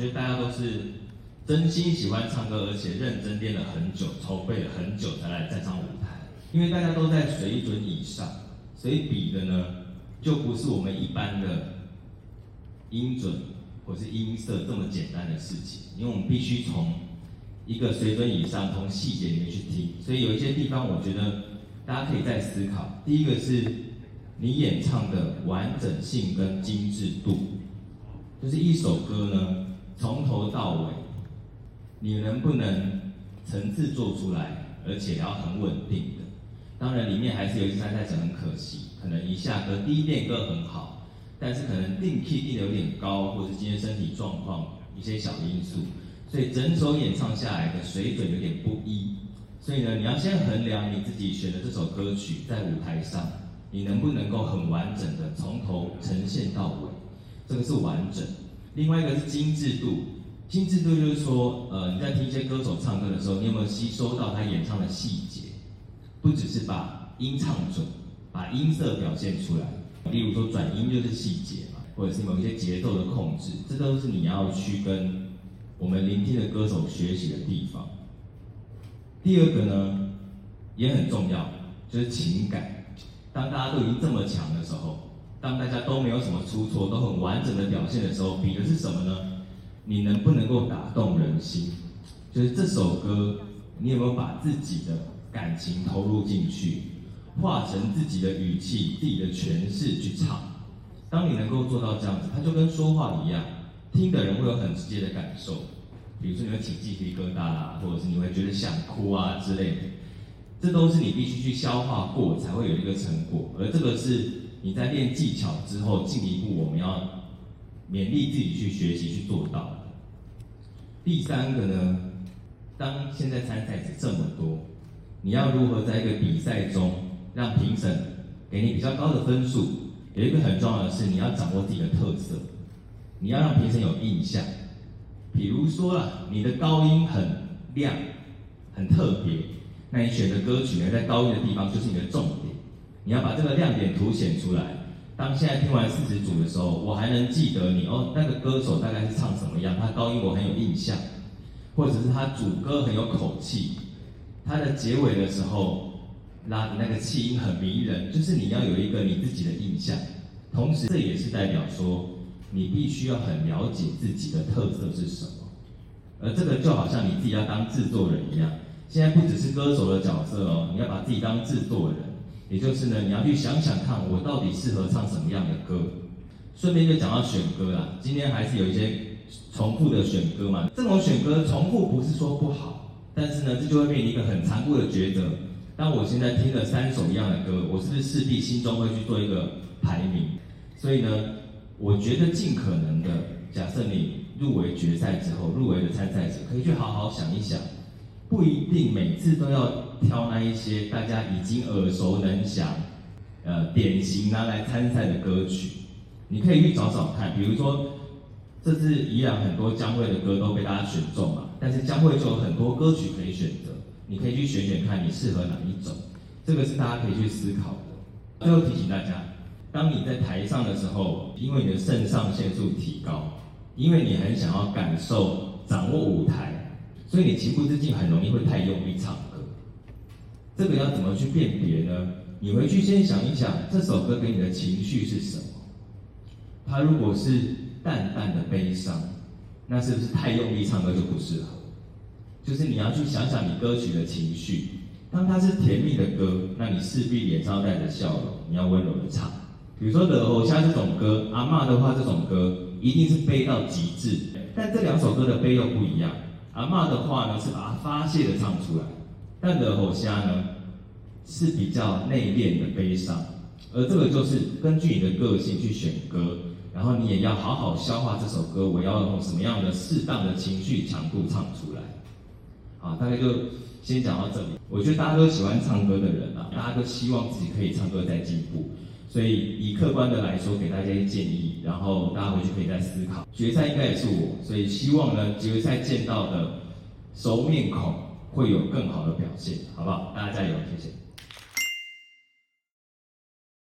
我覺得大家都是真心喜歡唱歌，而且認真練了很久，籌備了很久才來站上舞台。因為大家都在水準以上，所以比的呢，就不是我們一般的音準或是音色這麼簡單的事情。因為我們必須從一個水準以上，從細節裡面去聽。所以有一些地方，我覺得大家可以再思考。第一個是你演唱的完整性跟精緻度，就是一首歌呢。從頭到尾，你能不能層次做出來，而且要很穩定的？當然，裡面還是有一些參賽者，很可惜，可能一下歌，第一遍歌很好，但是可能定 key 定的有點高，或者今天身體狀況一些小的因素，所以整首演唱下來的水準有點不一。所以呢，你要先衡量你自己選的這首歌曲在舞台上，你能不能夠很完整的從頭呈現到尾，這個是完整。另外一個是精緻度，精緻度就是說，呃，你在聽一些歌手唱歌的時候，你有沒有吸收到他演唱的細節？不只是把音唱準，把音色表現出來，例如說轉音就是細節嘛，或者是某一些節奏的控制，這都是你要去跟我們聆聽的歌手學習的地方。第二個呢，也很重要，就是情感。當大家都已經這麼強的時候。當大家都沒有什麼出錯，都很完整的表現的時候，比的是什麼呢？你能不能夠打動人心？就是這首歌，你有沒有把自己的感情投入進去，化成自己的語氣、自己的詮釋去唱？當你能夠做到這樣子，它就跟說話一樣，聽的人會有很直接的感受。比如說你會起雞皮疙瘩啦啊，或者是你會覺得想哭啊之類的，這都是你必須去消化過才會有一個成果，而這個是。你在練技巧之後，進一步我們要勉勵自己去學習去做到。第三個呢，當現在參賽者這麼多，你要如何在一個比賽中讓評審給你比較高的分數？有一個很重要的是，是你要掌握自己的特色，你要讓評審有印象。比如說啦，你的高音很亮、很特別，那你選的歌曲呢，在高音的地方就是你的重點。你要把這個亮點凸顯出來。當現在聽完四十組的時候，我還能記得你哦，那個歌手大概是唱什麼樣？他高音我很有印象，或者是他主歌很有口氣，他的結尾的時候拉那，那個氣音很迷人。就是你要有一個你自己的印象，同時這也是代表說你必須要很了解自己的特色是什麼。而這個就好像你自己要當製作人一樣，現在不只是歌手的角色哦，你要把自己當製作人。也就是呢，你要去想想看，我到底適合唱什麼樣的歌。順便就講到選歌啦，今天還是有一些重複的選歌嘛。這種選歌重複不是說不好，但是呢，這就會面臨一個很殘酷的抉擇。當我現在聽了三首一樣的歌，我是不是勢必心中會去做一個排名？所以呢，我覺得儘可能的，假設你入圍決賽之後，入圍的參賽者可以去好好想一想，不一定每次都要。挑那一些大家已經耳熟能詳、呃典型拿來參賽的歌曲，你可以去找找看。比如說，這次宜然很多姜惠的歌都被大家選中嘛，但是姜惠就有很多歌曲可以選擇，你可以去選選看，你適合哪一種。這個是大家可以去思考的。最後提醒大家，當你在台上的時候，因為你的腎上腺素提高，因為你很想要感受、掌握舞台，所以你情不自禁，很容易會太用力唱。這個要怎麼去辨別呢？你回去先想一想，這首歌給你的情緒是什麼？它如果是淡淡的悲傷，那是不是太用力唱歌就不適合？就是你要去想想你歌曲的情緒。當它是甜蜜的歌，那你勢必臉上帶着笑容，你要溫柔的唱。比如說，的偶像這種歌，《阿嬤的話》這種歌，一定是悲到極致。但這兩首歌的悲又不一樣，《阿嬤的話》呢是把它發洩的唱出來。淡的火蝦呢是比較內斂的悲傷，而這個就是根據你的個性去選歌，然後你也要好好消化這首歌，我要用什麼樣的適當的情緒強度唱出來。好，大概就先講到這裡。我覺得大家都喜歡唱歌的人啊，大家都希望自己可以唱歌再進步，所以以客觀的來說給大家一個建議，然後大家回去可以再思考。決賽應該也是我，所以希望呢，決賽見到的熟面孔會有更好的表現，好不好？大家加油，謝謝。